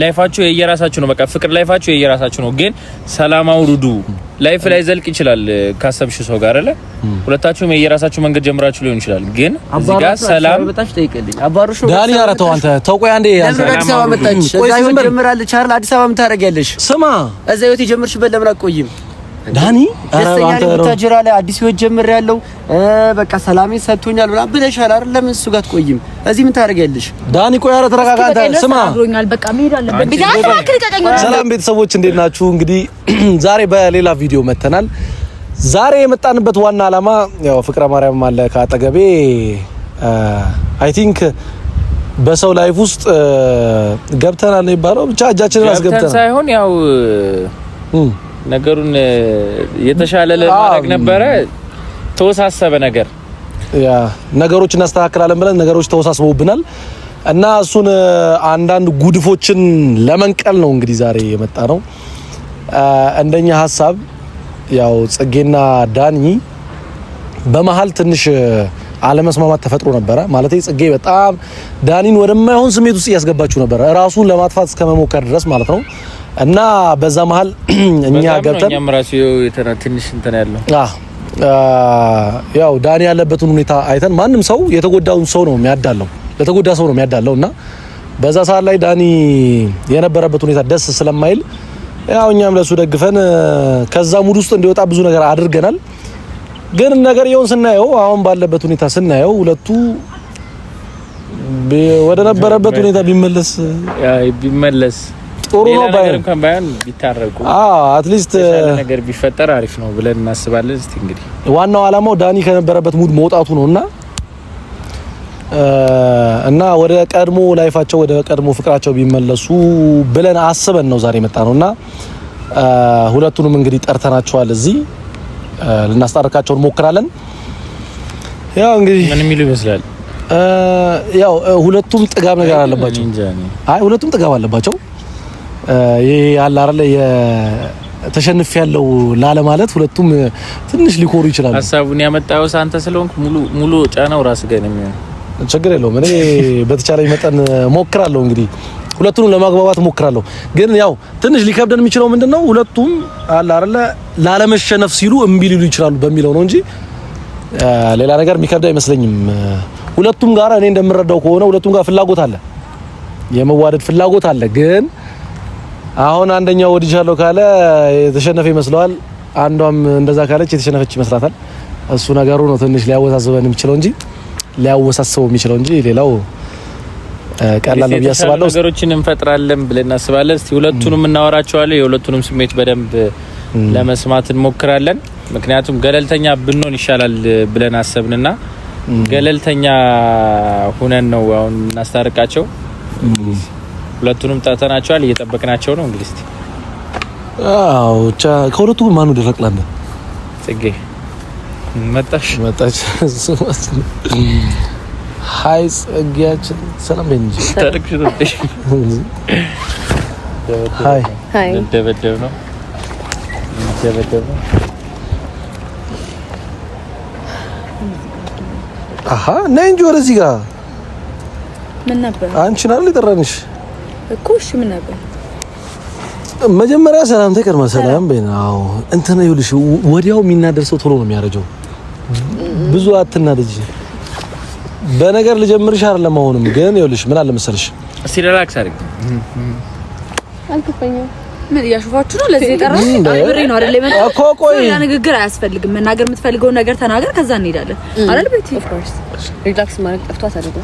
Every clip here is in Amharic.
ላይፋችሁ የየራሳችሁ ነው። በቃ ፍቅር ላይፋችሁ የየራሳችሁ ነው። ግን ሰላም አውርዱ። ላይፍ ላይ ዘልቅ ይችላል ካሰብሽ ሰው ጋር አለ። ሁለታችሁም የየራሳችሁ መንገድ ጀምራችሁ ሊሆን ይችላል። ግን እዚህ ጋር ሰላም በታች ጠይቀልኝ። አባሩሽ ዳኒ፣ ኧረ ተው አንተ ተው። ቆይ አንዴ ያዘ አዲስ አበባ መጣች። እዛ ይሁን ጀምራለች አይደል? አዲስ አበባ ምን ታደርጊያለሽ? ስማ፣ እዛ ይወት የጀመርሽበት ለምን አትቆይም? ዳኒ ደስተኛ ነኝ። ቡታጅራ ላይ አዲስ ህይወት ጀምር ያለው በቃ ሰላሜ ሰጥቶኛል ብላ ብለሻል አይደል? ለምን እሱ ጋር ትቆይም? እዚህ ምን ታደርጊያለሽ? ዳኒ ቆይ፣ ኧረ ተረጋጋ። ስማ፣ ሰላም ቤተሰቦች፣ እንዴት ናችሁ? እንግዲህ ዛሬ በሌላ ቪዲዮ መተናል። ዛሬ የመጣንበት ዋና አላማ ያው ፍቅረ ማርያም አለ ከአጠገቤ። አይ ቲንክ በሰው ላይፍ ውስጥ ገብተናል ነው የሚባለው። ብቻ እጃችንን አስገብተናል ሳይሆን ያው ነገሩን የተሻለ ለማድረግ ነበረ። ተወሳሰበ ነገር ያ ነገሮች እናስተካክላለን ብለን ነገሮች ተወሳስበውብናል እና እሱን አንዳንድ ጉድፎችን ለመንቀል ነው እንግዲህ ዛሬ የመጣ ነው። እንደኛ ሀሳብ ያው ጽጌና ዳኒ በመሀል ትንሽ አለመስማማት ተፈጥሮ ነበረ። ማለት ጽጌ በጣም ዳኒን ወደማይሆን ስሜት ውስጥ እያስገባችሁ ነበረ፣ ራሱን ለማጥፋት እስከመሞከር ድረስ ማለት ነው። እና በዛ መሀል እኛ ገብተን እኛም ራሱ ትንሽ እንትን ያለው ያው ዳኒ ያለበትን ሁኔታ አይተን ማንም ሰው የተጎዳውን ሰው ነው የሚያዳለው ለተጎዳ ሰው ነው የሚያዳለው እና በዛ ሰዓት ላይ ዳኒ የነበረበት ሁኔታ ደስ ስለማይል ያው እኛም ለሱ ደግፈን ከዛ ሙድ ውስጥ እንዲወጣ ብዙ ነገር አድርገናል። ግን ነገር የውን ስናየው አሁን ባለበት ሁኔታ ስናየው ሁለቱ ወደ ነበረበት ሁኔታ ቢመለስ ቢመለስ ጥሩ ነው ባይ አዎ አትሊስት ነገር ቢፈጠር አሪፍ ነው ብለን እናስባለን። እስቲ እንግዲህ ዋናው አላማው ዳኒ ከነበረበት ሙድ መውጣቱ ነው እና እና ወደ ቀድሞ ላይፋቸው ወደ ቀድሞ ፍቅራቸው ቢመለሱ ብለን አስበን ነው ዛሬ መጣ ነው እና ሁለቱንም እንግዲህ ጠርተናቸዋል። እዚህ ልናስታርካቸው እንሞክራለን። ያው እንግዲህ ምን የሚሉ ይመስላል። ያው ሁለቱም ጥጋብ ነገር አለባቸው። አይ ሁለቱም ጥጋብ አለባቸው ይሄ ያለ አይደለ ተሸንፍ ያለው ላለ ማለት ሁለቱም ትንሽ ሊኮሩ ይችላሉ። ሀሳቡን ያመጣው አንተ ስለሆንክ ሙሉ ሙሉ ጫናው ራስ ገን የሚሆን ችግር የለውም። እኔ በተቻለ መጠን ሞክራለሁ እንግዲህ ሁለቱንም ለማግባባት ሞክራለሁ። ግን ያው ትንሽ ሊከብደን የሚችለው ምንድነው ሁለቱም አለ አይደለ ላለመሸነፍ ሲሉ እምቢ ሊሉ ይችላሉ በሚለው ነው እንጂ ሌላ ነገር የሚከብድ አይመስለኝም። ሁለቱም ጋር እኔ እንደምረዳው ከሆነ ሁለቱም ጋር ፍላጎት አለ፣ የመዋደድ ፍላጎት አለ ግን አሁን አንደኛው ወድጃለሁ ካለ የተሸነፈ ይመስለዋል። አንዷም እንደዛ ካለች የተሸነፈች ይመስላታል። እሱ ነገሩ ነው ትንሽ ሊያወሳስበን የሚችለው እንጂ ሊያወሳስበው የሚችለው እንጂ ሌላው ቀላል ነው ብዬ ነገሮችን እንፈጥራለን ብለን እናስባለን። እስቲ ሁለቱንም እናወራቸዋለን። የሁለቱንም ስሜት በደንብ ለመስማት እንሞክራለን። ምክንያቱም ገለልተኛ ብንሆን ይሻላል ብለን አሰብንና ገለልተኛ ሁነን ነው አሁን እናስታርቃቸው። ሁለቱንም ጠርተናቸዋል፣ እየጠበቅናቸው ነው። እንግዲህ እስኪ ከሁለቱ ማን ወደ ፈቅላለ ጽጌ መጣሽ መጣች። ሀይ ጽጌያችን፣ ሰላም እንጂ ታርክሽ ነው። ሀይ ሀይ ደበደብ ነው ደበደብ ነው። አሀ ነይ እንጂ ወደዚህ ጋር ምን ነበር? አንቺን አይደል የጠራንሽ? እኮ እሺ፣ ምን ነበር መጀመሪያ ሰላምታ ሰላም በይና እንትን ይኸውልሽ፣ ወዲያው የሚናደር ሰው ቶሎ ነው የሚያረጀው። ብዙ አትናደጂ። በነገር ልጀምርሽ አይደለም። አሁንም ግን ይኸውልሽ፣ ምን አለ መሰለሽ፣ እስቲ ሪላክስ አድርግ። ምን እያሾፋችሁ ነው? ለዚህ የጠራሽ አልብሬ ነው አይደል? ለምን እኮ ቆይ፣ ንግግር አያስፈልግም። መናገር የምትፈልገውን ነገር ተናገር፣ ከዛ እንሄዳለን አይደል? ኦፍ ኮርስ ሪላክስ ማለት ጠፍቷት አይደል?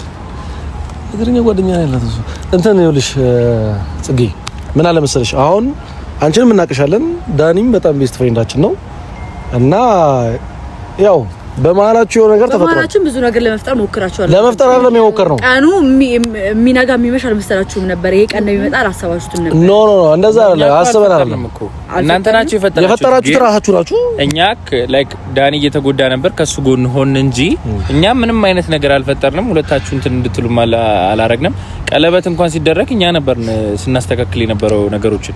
ትግርኛ ጓደኛ ያላት እሱ እንትን ይኸውልሽ፣ ጽጌ ምን አለ መሰለሽ፣ አሁን አንቺንም እናቅሻለን። ዳኒም በጣም ቤስት ፍሬንዳችን ነው እና ያው በመሀላችሁ የሆነ ነገር ተፈጥሯል። በመሀላችሁ ብዙ ነገር ለመፍጠር ሞክራችኋል። ለመፍጠር አይደለም የሞከር ነው። ቀኑ የሚነጋ የሚመሽ አልመሰላችሁም ነበር። ይሄ ቀን እንደሚመጣ አላሰባችሁትም ነበር። ኖ ኖ ኖ፣ እንደዛ አይደለም። አስበን አይደለም እኮ እናንተ ናችሁ የፈጠራችሁት። የፈጠራችሁት ራሳችሁ ናችሁ። እኛ ላይክ ዳኒ እየተጎዳ ነበር፣ ከሱ ጎን ሆን እንጂ እኛ ምንም አይነት ነገር አልፈጠርንም። ሁለታችሁ እንትን እንድትሉ አላረግንም። ቀለበት እንኳን ሲደረግ እኛ ነበር ስናስተካክል የነበረው ነገሮችን።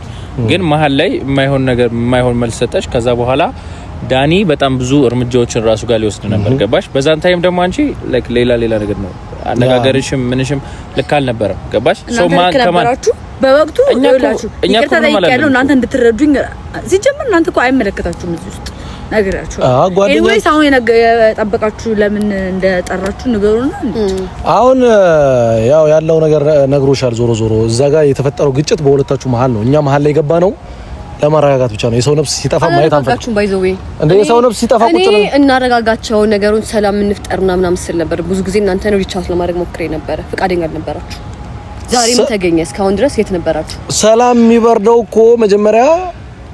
ግን መሀል ላይ የማይሆን ነገር የማይሆን መልስ ሰጠች። ከዛ በኋላ ዳኒ በጣም ብዙ እርምጃዎችን ራሱ ጋር ሊወስድ ነበር። ገባሽ? በዛን ታይም ደግሞ አንቺ ሌላ ሌላ ነገር ነው አነጋገርሽም ምንሽም ልክ አልነበረም። ገባሽ? በወቅቱ ይቅርታ ጠይቄያለሁ እናንተ እንድትረዱኝ። ሲጀምር እናንተ እኮ አይመለከታችሁም እዚህ ውስጥ አሁን ያው ያለው ነገር ነግሮሻል። ዞሮ ዞሮ እዛ ጋር የተፈጠረው ግጭት በሁለታችሁ መሀል ነው፣ እኛ መሀል ላይ የገባ ነው ለማረጋጋት ብቻ ነው። የሰው ነፍስ ሲጠፋ ማየት አንፈልግም። ባይዘው እንደ የሰው ነፍስ ሲጠፋ ቁጭ ነው እናረጋጋቸው፣ ነገሩን ሰላም እንፍጠር እና ምናምን ስል ነበር። ብዙ ጊዜ እናንተ ነው ሪቻት ለማድረግ ሞክሬ ነበረ፣ ፍቃደኛ አልነበራችሁ። ዛሬም ተገኘ። እስካሁን ድረስ የት ነበራችሁ? ሰላም የሚበርደው እኮ መጀመሪያ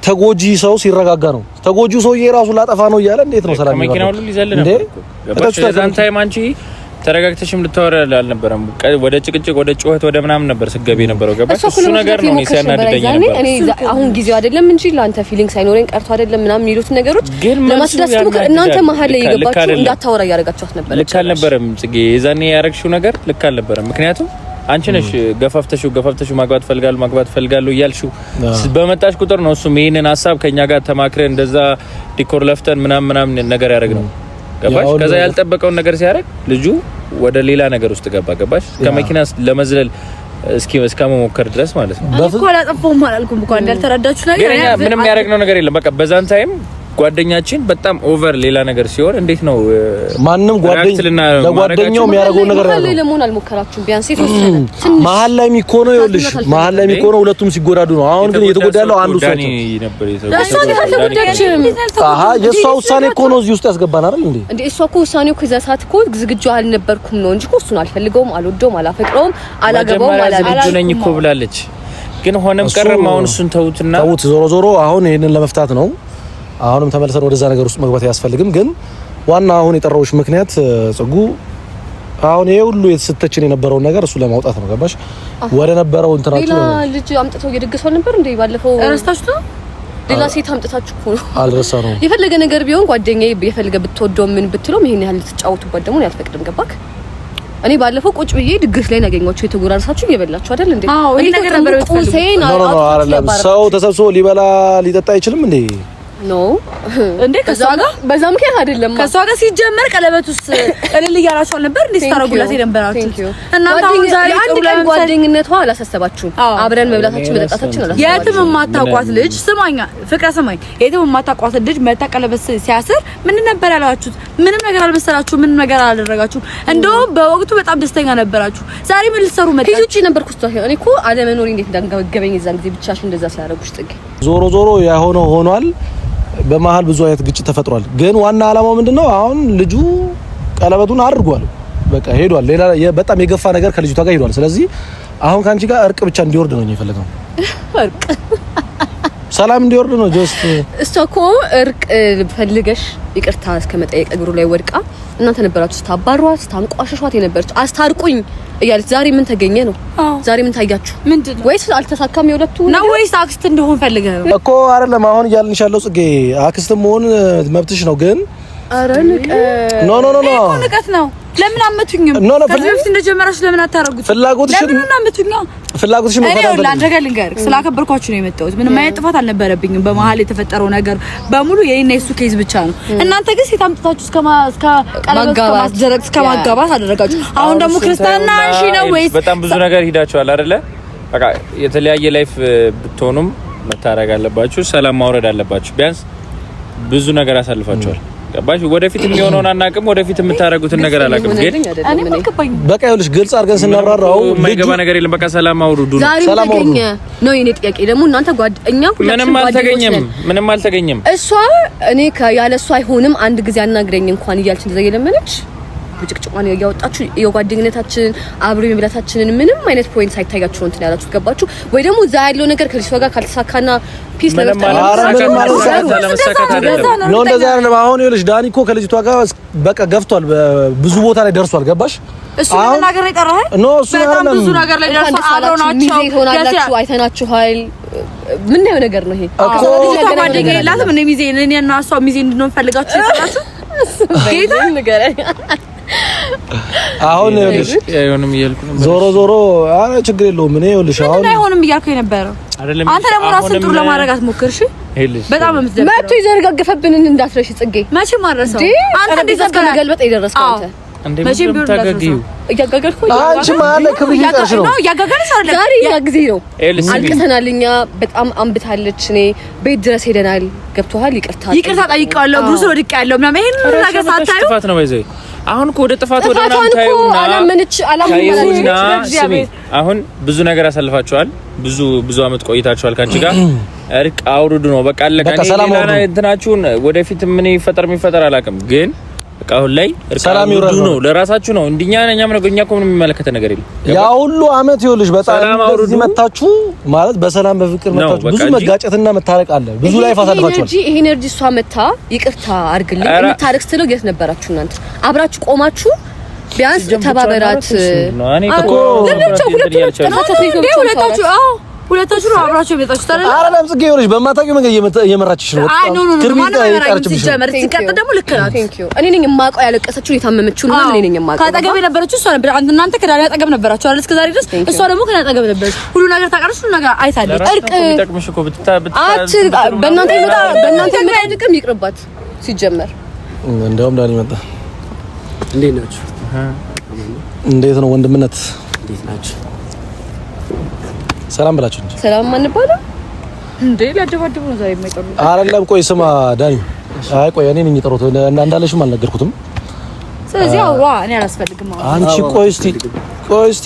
ተጎጂ ሰው ሲረጋጋ ነው። ተጎጂው ሰውዬ ራሱ ላጠፋ ነው እያለ እንዴት ነው ሰላም የሚበርደው? ተረጋግተሽም ልታወሪ አልነበረም። ወደ ጭቅጭቅ፣ ወደ ጩኸት፣ ወደ ምናምን ነበር ስገቢ የነበረው። ገባሽ? እሱ ነገር ነው ሲያናድደኝ ነበር። እኔ አሁን ጊዜው አይደለም እንጂ ለአንተ ፊሊንግ ሳይኖረኝ ቀርቶ አይደለም ምናምን የሚሉት ነገሮች ለማስዳስ ሞክር። እናንተ መሀል ላይ የገባችሁ እንዳታወራ እያደረጋችኋት ነበር። ልክ አልነበረም ጽጌ። የዛኔ ያረግሽው ነገር ልክ አልነበረም። ምክንያቱም አንቺ ነሽ ገፋፍተሽው ገፋፍተሽው ማግባት ፈልጋለሁ ማግባት ፈልጋለሁ እያልሽው በመጣሽ ቁጥር ነው እሱም ይህንን ሀሳብ ከኛ ጋር ተማክረን እንደዛ ዲኮር ለፍተን ምናምን ምናምን ነገር ያደረግ ነው ገባሽ? ከዛ ያልጠበቀውን ነገር ሲያደርግ ልጁ ወደ ሌላ ነገር ውስጥ ገባ። ገባሽ? ከመኪና ለመዝለል እስኪ እስከ መሞከር ድረስ ማለት ነው። እኮ አላጠፋሁም አላልኩም እኮ እንዳልተረዳችሁ ነገር ምንም ያደረግነው ነገር የለም። በቃ በዛን ታይም ጓደኛችን በጣም ኦቨር ሌላ ነገር ሲሆን እንዴት ነው ማንም ለጓደኛው የሚያደርገው ነገር ያለው ለምን አልሞከራችሁም። ቢያንስ የተወሰነ መሀል ላይ የሚኮነው ይኸውልሽ፣ መሀል ላይ የሚኮነው ሁለቱም ሲጎዳዱ ነው። አሁን ግን እየተጎዳ ያለው አንዱ ሰው አሃ፣ የእሷ ውሳኔ እኮ ነው እዚህ ውስጥ ያስገባን አይደል እንዴ? እንዴ እሷ እኮ ውሳኔ ከዛ የዛ ሰዓት እኮ ዝግጁ አልነበርኩም ነው እንጂ እኮ እሱን አልፈልገውም፣ አልወደውም፣ አላፈቅረውም፣ አላገባውም፣ አላገባውም ዝግጁ ነኝ እኮ ብላለች። ግን ሆነም ቀረም አሁን እሱን ተውትና ተውት። ዞሮ ዞሮ አሁን ይሄንን ለመፍታት ነው አሁንም ተመልሰን ወደዛ ነገር ውስጥ መግባት አያስፈልግም። ግን ዋና አሁን የጠራዎች ምክንያት ጽጉ አሁን ይሄ ሁሉ የተሰተችን የነበረውን ነገር እሱ ለማውጣት ነው። ገባሽ? ወደ ነበረው እንትናችሁ ሌላ ልጅ አምጥተው እየደገሰው ነበር እንዴ? ባለፈው ረስታችሁ ሌላ ሴት አምጥታችሁ እኮ ነው። አልረሳ ነው። የፈለገ ነገር ቢሆን ጓደኛዬ የፈለገ ብትወደው ምን ብትለው ይሄን ያህል ልትጫወቱበት ደግሞ አልፈቅድም። ገባክ? እኔ ባለፈው ቁጭ ብዬ ድግስ ላይ ያገኘኋቸው የተጎራረሳችሁ እየበላችሁ አይደል እንዴ? አዎ፣ ይሄ ነገር ነበር። ሰው ተሰብስቦ ሊበላ ሊጠጣ አይችልም እንዴ? ኖ እንዴ ከሷ ጋር በዛ ምክንያት አይደለም። ከሷ ጋር ሲጀመር ቀለበት ውስጥ እልል እያላችሁ ነበር እንዴ ስታረጉላት የነበራችሁ እና አሁን ዛሬ አንድ ቀን ጓደኝነቷ አላሳሰባችሁም። አብረን መብላታችን መጠጣታችን አላሳሰባችሁም። የትም የማታውቋት ልጅ ስማኛ፣ ፍቅር ስማኝ፣ የትም የማታውቋት ልጅ መታ ቀለበት ሲያስር ምን ነበር ያላችሁት? ምንም ነገር አልመሰላችሁ፣ ምንም ነገር አላደረጋችሁ። እንደውም በወቅቱ በጣም ደስተኛ ነበራችሁ። ዛሬ ምን ልትሰሩ መጣችሁ? ሂጂ ነበርኩ ስቷ እኔ እኮ አለመኖሪ እንዴት እንዳንገበገበኝ እዛን ጊዜ ብቻሽ እንደዛ ሲያደርጉሽ ጥግ ዞሮ ዞሮ የሆነው ሆኗል። በመሀል ብዙ አይነት ግጭት ተፈጥሯል። ግን ዋና ዓላማው ምንድነው? አሁን ልጁ ቀለበቱን አድርጓል፣ በቃ ሄዷል። ሌላ በጣም የገፋ ነገር ከልጅቷ ጋር ሄዷል። ስለዚህ አሁን ከአንቺ ጋር እርቅ ብቻ እንዲወርድ ነው የፈለገው እርቅ ሰላም እንዲወርድ ነው። ጆስት እሷ እኮ እርቅ ፈልገሽ ይቅርታ እስከ መጠየቅ እግሩ ላይ ወድቃ እናንተ ነበራችሁ ስታባሯት ስታንቋሸሿት የነበረች አስታርቁኝ እያለች ዛሬ ምን ተገኘ ነው? ዛሬ ምን ታያችሁ? ምንድን ነው? ወይስ አልተሳካም የሁለቱ ነው? ወይስ አክስት እንደሆን ፈልገ ነው እኮ? አይደለም አሁን እያልንሽ ያለው ጽጌ፣ አክስት መሆን መብትሽ ነው ግን ኧረ ንቀት ኖ ኖ ኖ ኖ ንቀት ነው ለምን አመቱኝም? ከዚህ በፊት እንደጀመራችሁ ለምን አታረጉት? ፍላጎትሽን ለምን ፍላጎትሽን ልንገርህ፣ ስላከበርኳችሁ ነው የመጣሁት። ምንም አይነት ጥፋት አልነበረብኝም። በመሀል የተፈጠረው ነገር በሙሉ የኔና የሱ ኬዝ ብቻ ነው። እናንተ ግን ሴት አምጥታችሁ እስከ እስከ እስከ ማጋባት አደረጋችሁ። አሁን ደግሞ ክርስትና አንሺ ነው ወይስ በጣም ብዙ ነገር ሂዳችኋል አይደለ? በቃ የተለያየ ላይፍ ብትሆኑም መታረግ አለባችሁ። ሰላም ማውረድ አለባችሁ። ቢያንስ ብዙ ነገር አሳልፋችኋል። ገባሽ? ወደፊት የሚሆነውን አናውቅም። ወደፊት የምታደርጉትን ነገር አላውቅም። ግን በቃ ይኸውልሽ ግልጽ አድርገን ስናብራራው የማይገባ ነገር የለም። በቃ ሰላም አውርዱ። ሰላም አውርዱ ነው የኔ ጥያቄ። ደግሞ እናንተ ጓደኛ ምንም አልተገኘም፣ ምንም አልተገኘም። እሷ እኔ ያለ እሷ አይሆንም አንድ ጊዜ አናግረኝ እንኳን እያለች እንደዛ እየለመነች ብጭቅጭቋን እያወጣችሁ የጓደኝነታችንን አብሮ የመብላታችንን ምንም አይነት ፖይንት ሳይታያችሁ እንትን ያላችሁ ገባችሁ ወይ? ደግሞ እዛ ያለው ነገር ከልጅቷ ጋር ካልተሳካና ፒስ ነገር እንደዛ ያለ አሁን ይኸውልሽ፣ ዳኒ እኮ ከልጅቷ ጋር በቃ ገፍቷል፣ ብዙ ቦታ ላይ ደርሷል። ገባሽ? እሱ ነገር ኖ እሱ ብዙ ነገር ላይ ደርሷል። ናቸው አይተናችኋል። ምን ነው ነገር ነው ይሄ እኮ ጓደኛ የላትም። እኔ ሚዜ እኔ እና እሷ ሚዜ እንድንሆን ፈልጋችሁ ጌታ ንገረኝ። አሁን አይሆንም ዞሮ ዞሮ አረ ችግር የለውም። እኔ ይኸውልሽ አሁን አይሆንም እያልኩ የነበረው አንተ ደግሞ ራስን ጥሩ ለማድረግ አትሞክር። እሺ በጣም ምትዘ መቶ ይዘረጋገፈብንን እንዳትረሽ ጽጌ። መቼም አረሰው አንተ እንደዛ እስከመገልበጥ የደረስከው አንተ መቼም ቢሆን እንዳትረሺው እያጋገልኩ አንቺ ማለ ክብር እየጠርሽ ነው። እያጋገልሽ አይደለም ዛሬ ያ ነው። አልቅሰናል፣ በጣም አንብታለች። እኔ ቤት ድረስ ሄደናል። ገብቶሃል? ይቅርታ ይቅርታ ጠይቀዋለሁ። ብዙ ያለው ምናምን ይሄን ነገር ሳታዩ አሁን እኮ ወደ ጥፋት ወደ ስሚ፣ አሁን ብዙ ነገር አሳልፋችኋል። ብዙ ብዙ አመት ቆይታችኋል። ካንቺ ጋር እርቅ አውርዱ ነው በቃ አለቀ። እንትናችሁን ወደፊት ምን ይፈጠር የሚፈጠር አላውቅም ግን በቃ አሁን ላይ ሰላም ይውረድ ነው ለራሳችሁ ነው። እንድኛ ነኛ ነው እኛ እኮ ምንም የሚመለከተ ነገር የለም። ያ ሁሉ አመት ይኸውልሽ፣ በጣም እንደዚህ መታችሁ ማለት በሰላም በፍቅር መታችሁ። ብዙ መጋጨትና መታረቅ አለ። ብዙ ላይ ፋሳልፋችሁ ይሄ ኤነርጂ እሷ መታ ይቅርታ አድርግልኝ የምታረቅ ስትለው የት ነበራችሁ እናንተ? አብራችሁ ቆማችሁ ቢያንስ ተባበራት እኮ ለብቻ ሁለቱ ሁለታችሁ አዎ ሁለታችሁ ነው አብራችሁ የመጣችሁት አይደል? ኧረ ለምን ጽጌ ይኸውልሽ፣ በማታውቂው መንገድ እየመራችሽ ነው። አይ ኖ ኖ ኖ፣ እኔ ነኝ የማውቀው ያለቀሰችው የታመመችው እና እኔ ነኝ የማውቀው። ከአጠገብ የነበረችው እሷ ነበር። እናንተ ከዳኒ አጠገብ ነበራችሁ አይደል? እስከ ዛሬ ድረስ እሷ ደግሞ ከእኔ አጠገብ ነበረች። ሁሉ ነገር ታውቃለች፣ ሁሉ ነገር አይታለች። እርቅ በእናንተ ይመጣ በእናንተ ይመጣ ድቅም ይቅርባት። ሲጀመር እንደውም ዳኒ መጣ። እንዴት ናችሁ? እንዴት ነው ወንድምነት? እንዴት ናችሁ? ሰላም ብላችሁ እንጂ ሰላም አንባልም እንዴ? ሊያደባድቡ ነው ዛሬ የማይጠሩት አይደለም። ቆይ ስማ ዳኒ፣ አይ ቆይ እኔ ነኝ የጠሩት እንዳለሽም አልነገርኩትም። ስለዚህ አውራ እኔ አላስፈልግም። አንቺ ቆይ እስቲ ቆይ እስቲ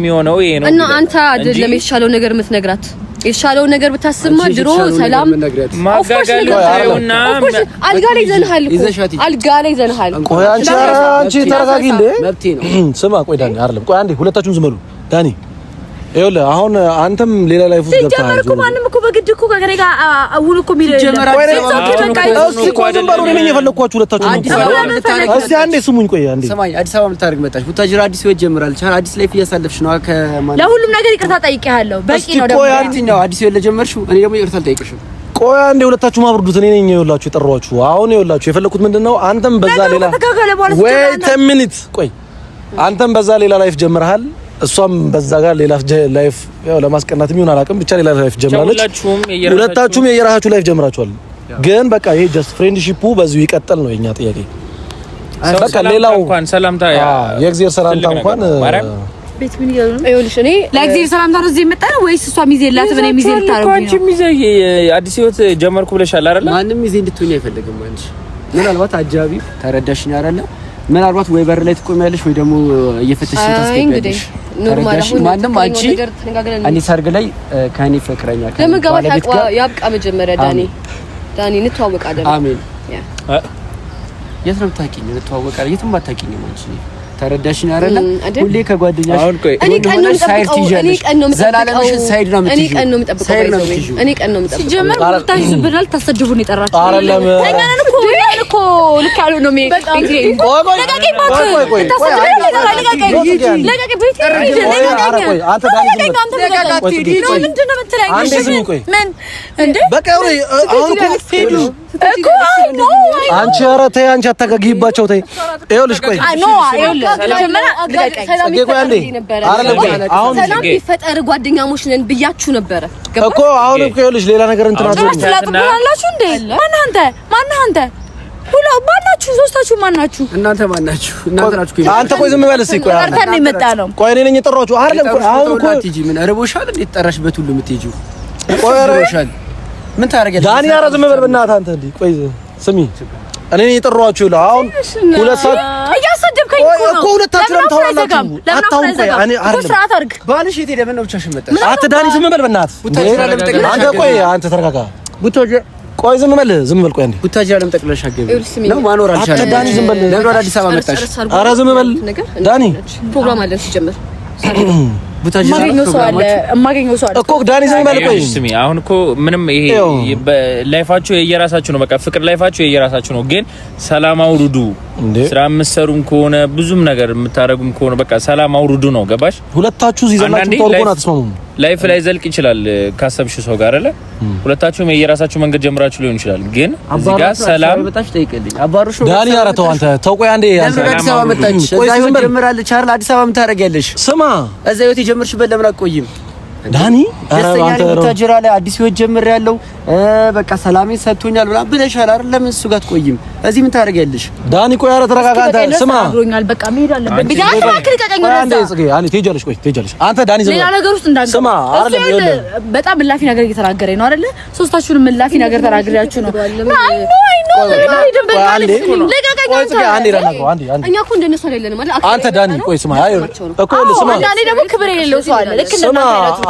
የሚሆነው ይሄ ነው እና አንተ አይደለም የተሻለው ነገር የምትነግራት የተሻለው ነገር ብታስብማ ድሮ ሰላም ማጋጋሉና አልጋ ላይ ዘንሃል እኮ አልጋ ላይ ይዘንሃል። ቆይ አንቺ ተረጋጊ እንዴ! መብቴ ነው። ስማ ቆይ ዳኒ አይደለም ቆይ አንዴ ሁለታችሁም ዝም በሉ ዳኒ ይኸውልህ አሁን አንተም ሌላ ላይፍ ውስጥ ገብተሃል እኮ ማንም እኮ በግድ እኮ ከእኔ ጋር አውል እኮ የሚል የፈለኳችሁ ሁለታችሁ ነው። እስኪ አንዴ ስሙኝ፣ ቆይ አንዴ ስማኝ። አዲስ አበባ ልታደርግ መጣች፣ ቡታጅራ አዲስ ህይወት ጀምራለች። አዲስ ላይፍ እያሳለፍሽ ነው። ለሁሉም ነገር ይቅርታ ጠይቄሃለሁ፣ በቂ ነው። ደግሞ አዲስ ህይወት ለጀመርሽው እኔ ደግሞ ይቅርታ አልጠይቅሽም። ቆይ አንዴ ሁለታችሁ ማብርዱት። እኔ ነኝ ይኸውላችሁ የጠራኋችሁ። አሁን ይኸውላችሁ የፈለኩት ምንድን ነው አንተም በዛ ሌላ ዌይት ሚኒት ቆይ አንተም በዛ ሌላ ላይፍ ጀምረሃል እሷም በዛ ጋር ሌላ ላይፍ ለማስቀናት የሚሆን አላውቅም፣ ብቻ ሌላ ላይፍ ጀምራለች። ሁለታችሁም የየራሳችሁ ላይፍ ጀምራችኋል። ግን በቃ ይሄ ጀስት ፍሬንድሺፑ በዚሁ ይቀጥል ነው የኛ ጥያቄ። በቃ ሌላው ሰላምታ የእግዜር ሰላምታ እንኳን ቤት ምን ይላሉ? ለእግዚአብሔር ሰላምታ ነው እዚህ ወይስ አዲስ ህይወት ጀመርኩ አይፈልግም። አንቺ አጃቢ ወይ በር ላይ ትቆሚያለሽ ወይ ደግሞ እየፈተሽ ማንም አንቺ እኔ ሰርግ ላይ ከኔ ፍቅረኛ ከመጋባት ያብቃ። መጀመሪያ ዳኒ ዳኒ አይደል? አሜን። የት ነው የምታውቂኝ? እንተዋወቃለን። የትም አታውቂኝም አንቺ ተረዳሽኝ አይደለም? ሁሌ ከጓደኛሽ እኔ ቀን እኔ ቀን ነው የምጠብቀው። ሳይድ ነው የምትይዥው። እኔ ቀን ነው የምጠብቀው። እኔ ቀን ነው የምጠብቀው። ሲጀመር ታዝብናል። ታሰድቡን የጠራችሁ አንቺ ኧረ ተይ አንቺ አታጋጊባቸው ተይ ይኸውልሽ ቆይ ሰላም ይፈጠር ጓደኛሞች ነን ብያችሁ ነበረ እኮ አሁን እኮ ይኸውልሽ ሌላ ነገር እንትን አትላላችሁ እንዴ ማነህ አንተ ማነህ አንተ ሁላ ማናችሁ ሶስታችሁ ማናችሁ እናንተ ማናችሁ እናንተ ናችሁ ቆይ አንተ ቆይ ዝም በል እስኪ ቆይ አንተ የመጣ ነው ቆይ እኔ ነኝ የጠራችሁ አይደለም አሁን እኮ ምን እርቦሻል እንዴት ጠራሽ ሁሉ የምትሄጂው ቆይ እርቦሻል ምን ታደርጊያለሽ? ዳኒ ኧረ ዝም በል በእናትህ አንተ። እንደ ቆይ ስሚ እኔ የጠሯችሁ አሁን ሁለት ሰዓት እያሰደብከኝ እኮ ነው እኮ ሁለታችሁ ነው ታወራላችሁ። አታውቁ እኔ አይደለም ስርዓት አድርግ። ባልሽ የት ሄደ? ምነው ብቻሽን መጣሽ? አትዳኒ ዝም በል በእናትህ አንተ። ቆይ አንተ ተረጋጋ። ቡታጅ ቆይ ዝም በል ዝም በል ቆይ አንዴ። ቡታጅ አለም ጠቅለሽ አገቢ ነው ማኖር አልቻለም። አትዳኒ ዝም በል ለምን ወደ አዲስ አበባ መጣሽ? ኧረ ዝም በል ዳኒ ፕሮግራም አለን ሲጀምር አሁን እኮ ምንም ይሄ ላይፋችሁ የየራሳችሁ ነው። በቃ ፍቅር ላይፋችሁ የየራሳችሁ ነው፣ ግን ሰላም አውርዱ ስራ የምትሰሩም ከሆነ ብዙም ነገር የምታደርጉም ከሆነ በቃ ሰላም አውርዱ ነው። ገባሽ? ሁለታችሁ ይዘላችሁ ተወርቆና ተስማሙ። ላይፍ ላይ ዘልቅ ይችላል ካሰብሽ ሰው ጋር አለ። ሁለታችሁም የየራሳችሁ መንገድ ጀምራችሁ ሊሆን ይችላል። ግን እዚህ ጋር ሰላም ዳኒ፣ ኧረ ተው አንተ ተው። ቆይ አንዴ አዲስ አበባ መጣች፣ እዛ ህይወት ጀምራለች ቻርል አዲስ አበባ ምን ታደርጊያለሽ? ስማ፣ እዛ ህይወት የጀመርሽበት ለምን አትቆይም? ዳኒ ታጅራ ላይ አዲስ ህይወት ጀምር ያለው በቃ ሰላሜ ሰጥቶኛል ብላ ብለሻል አይደል? ለምን እሱ ጋር ትቆይም? እዚህ ምን ታደርጊያለሽ? ዳኒ ቆይ፣ ኧረ ተረጋጋ። አንተ ስማ፣ በቃ መሄድ አለበት። በጣም እላፊ ነገር እየተናገረኝ ነው አይደለ? ሶስታችሁንም እላፊ ነገር ተናግሬያችሁ ነው። አንተ ዳኒ ቆይ፣ ስማ፣ አይ እኮ ስማ፣ ዳኒ ደግሞ ክብር የሌለው ሰው አለ። ልክ እንደናንተ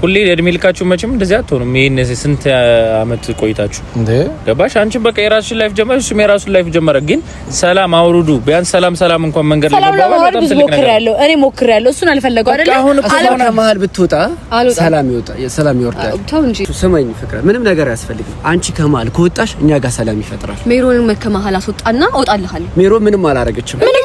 ሁሌ እድሜ ልካችሁ መቼም እንደዚህ አትሆኑም። ይሄን ስንት አመት ቆይታችሁ ገባሽ? አንቺ በቃ የራስሽን ላይፍ ጀመረ፣ እሱም የራሱን ላይፍ ጀመረ። ግን ሰላም አውርዱ፣ ቢያንስ ሰላም ሰላም እንኳን መንገድ ላይ ሰላም ለማውረድ ብዙ ሞክሬያለሁ፣ እኔ ሞክሬያለሁ። እሱን አልፈለገው አይደለ? አሁን አሁን መሀል ብትወጣ ሰላም ይወጣ ሰላም ይወርዳል። ተው እንጂ ስማኝ ፍቅር፣ ምንም ነገር አያስፈልግም። አንቺ ከመሀል ከወጣሽ እኛ ጋር ሰላም ይፈጥራል። ሜሮን መከመሀል አስወጣና እወጣልሃለሁ። ሜሮ ምንም አላረገችም። ምንም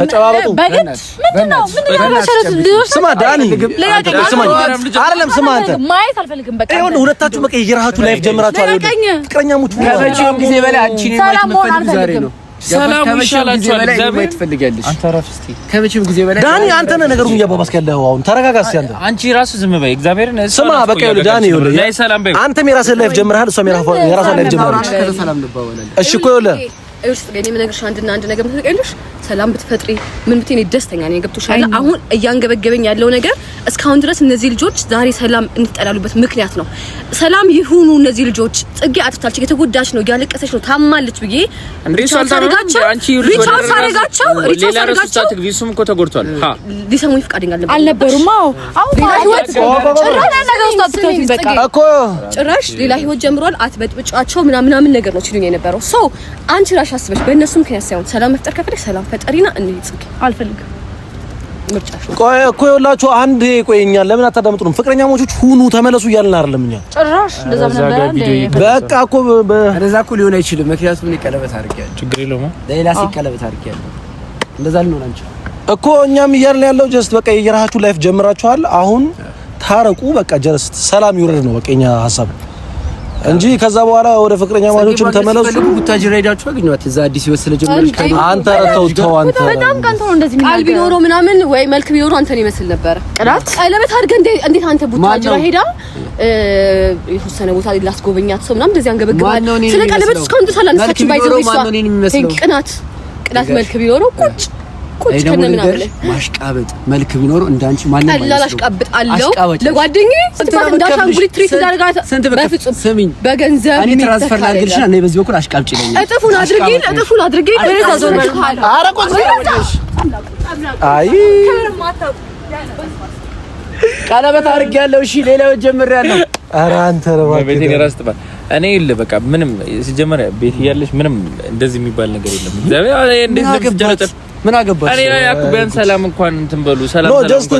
ተጨባበጡ። በግድ ምንድን ነው ስማ፣ ዳኒ አይደለም ስማ፣ አንተ ሁለታችሁ በቃ ላይፍ ጀምራችኋል። ፍቅረኛሞች ከመቼውም ጊዜ በላይ አንቺ ማለት ዛሬ ነው። ሰላም ዳኒ፣ አንተ ነህ ነገሩን እያባባስክ ያለኸው። አሁን ተረጋጋ አንተ አንቺ ራሱ ዝም በይ። እግዚአብሔርን ስማ፣ በቃ ዳኒ፣ አንተም የራስህን ላይፍ ጀምረሃል፣ እሷም የራሷን ላይፍ ጀምራለች። እሺ እኮ ይኸውልህ እኔ የምነግርሽ አንድ አንድ ነገር ሰላም ብትፈጥሪ ምን ብትይ ደስተኛ ነኝ። ገብቶሻል። አሁን እያንገበገበኝ ያለው ነገር እስካሁን ድረስ እነዚህ ልጆች ዛሬ ሰላም እንጠላሉበት ምክንያት ነው። ሰላም ይሁኑ እነዚህ ልጆች። ጽጌ አጥፍታለች፣ የተጎዳች ነው፣ እያለቀሰች ነው፣ ታማለች ብዬ ሪቻርድ ሳደርጋቸው ሌላ ረሱ ሳትግቢ እሱም እኮ ተጎድቷል። ሊሰሙኝ ፈቃደኛ አልነበሩም። ጭራሽ ሌላ ህይወት ጀምሯል፣ አትበጥብጫቸው ምናምን ነገር ነው ሲሉኝ የነበረው ሰው አንቺ ራሽ አስበሽ በእነሱ ምክንያት ሳይሆን ሰላም መፍጠር ከፈለሽ ሰላም ፍጠሪና እንዴ ፅጌ አልፈልግም። ምርጫሽ ቆይ እኮ ይኸውላችሁ፣ አንድ ቆይኛ፣ ለምን አታዳምጡንም? ፍቅረኛ ሞቾች ሁኑ ተመለሱ እያልን አይደለም እኛ ጭራሽ እንደዛ ነበር። በቃ እኮ እንደዛ እኮ ሊሆን አይችልም። ምክንያቱም እኔ ቀለበት አድርጌያለሁ። ችግር የለውም። ሌላ ሴት ቀለበት አድርጌያለሁ። እንደዛ ሊሆን አንችልም እኮ እኛም እያልን ያለው ጀስት በቃ የራሳችሁ ላይፍ ጀምራችኋል። አሁን ታረቁ። በቃ ጀስት ሰላም ይውረድ ነው በቃ የኛ ሀሳብ እንጂ ከዛ በኋላ ወደ ፍቅረኛ ማቾችም ተመለሱ። ቡታጅራ ሄዳችሁ አገኘኋት። እዛ አዲስ ህይወት ስለጀመረች አንተ ረተው ተው። አንተ በጣም ቀንቶ ነው እንደዚህ ቃል ቢኖረው ምናምን ወይ መልክ ቢኖረው አንተን ይመስል ነበረ። ቅናት ቀለበት አድርገህ እንዴት አንተ ቡታጅራ ሄዳ የተወሰነ ቦታ ላይ ላስጎበኛት ሰው ምናምን እንደዚህ አንገበግባለሁ። ስለ ቀለበት እስካሁን ድረስ አላነሳችም። ባይዘው ይሷ ቅናት ቅናት መልክ ቢኖረው ቁጭ ቁጭ ማሽቃበጥ መልክ እንዳንቺ ማንም አለው ለጓደኛዬ ትሪት እሺ ሌላው ጀምሬያለሁ። ኧረ አንተ እኔ በቃ ምንም ሲጀመር ቤት እያለሽ ምንም እንደዚህ የሚባል ነገር የለም። እግዚአብሔር እንደዚህ ምን አገባሽ? እኔ ላይ ያኩ ቢያንስ ሰላም እንኳን እንትን በሉ ሰላም ነው። ጀስት እንጂ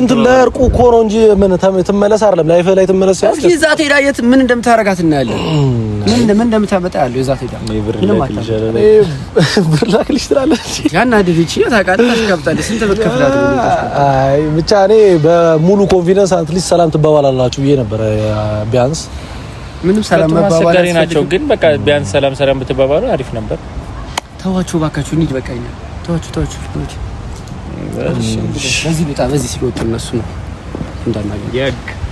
ምን ትመለስ አይደለም ላይ ትመለስ ያለሽ። እስኪ እዛ ምን እንደምታረጋት እናያለን፣ ምን ምን እንደምታመጣ አይ ብቻ እኔ በሙሉ ኮንፊደንስ አትሊስት ሰላም ትባባላላችሁ ብዬ ነበረ ቢያንስ ምንም ሰላም መባባል ናቸው። ግን በቃ ቢያንስ ሰላም ሰላም ብትባባሉ አሪፍ ነበር። ተዋችሁ እባካችሁ እንሂድ በቃ በዚህ ሲወጡ እነሱ ነው እንዳናገኝ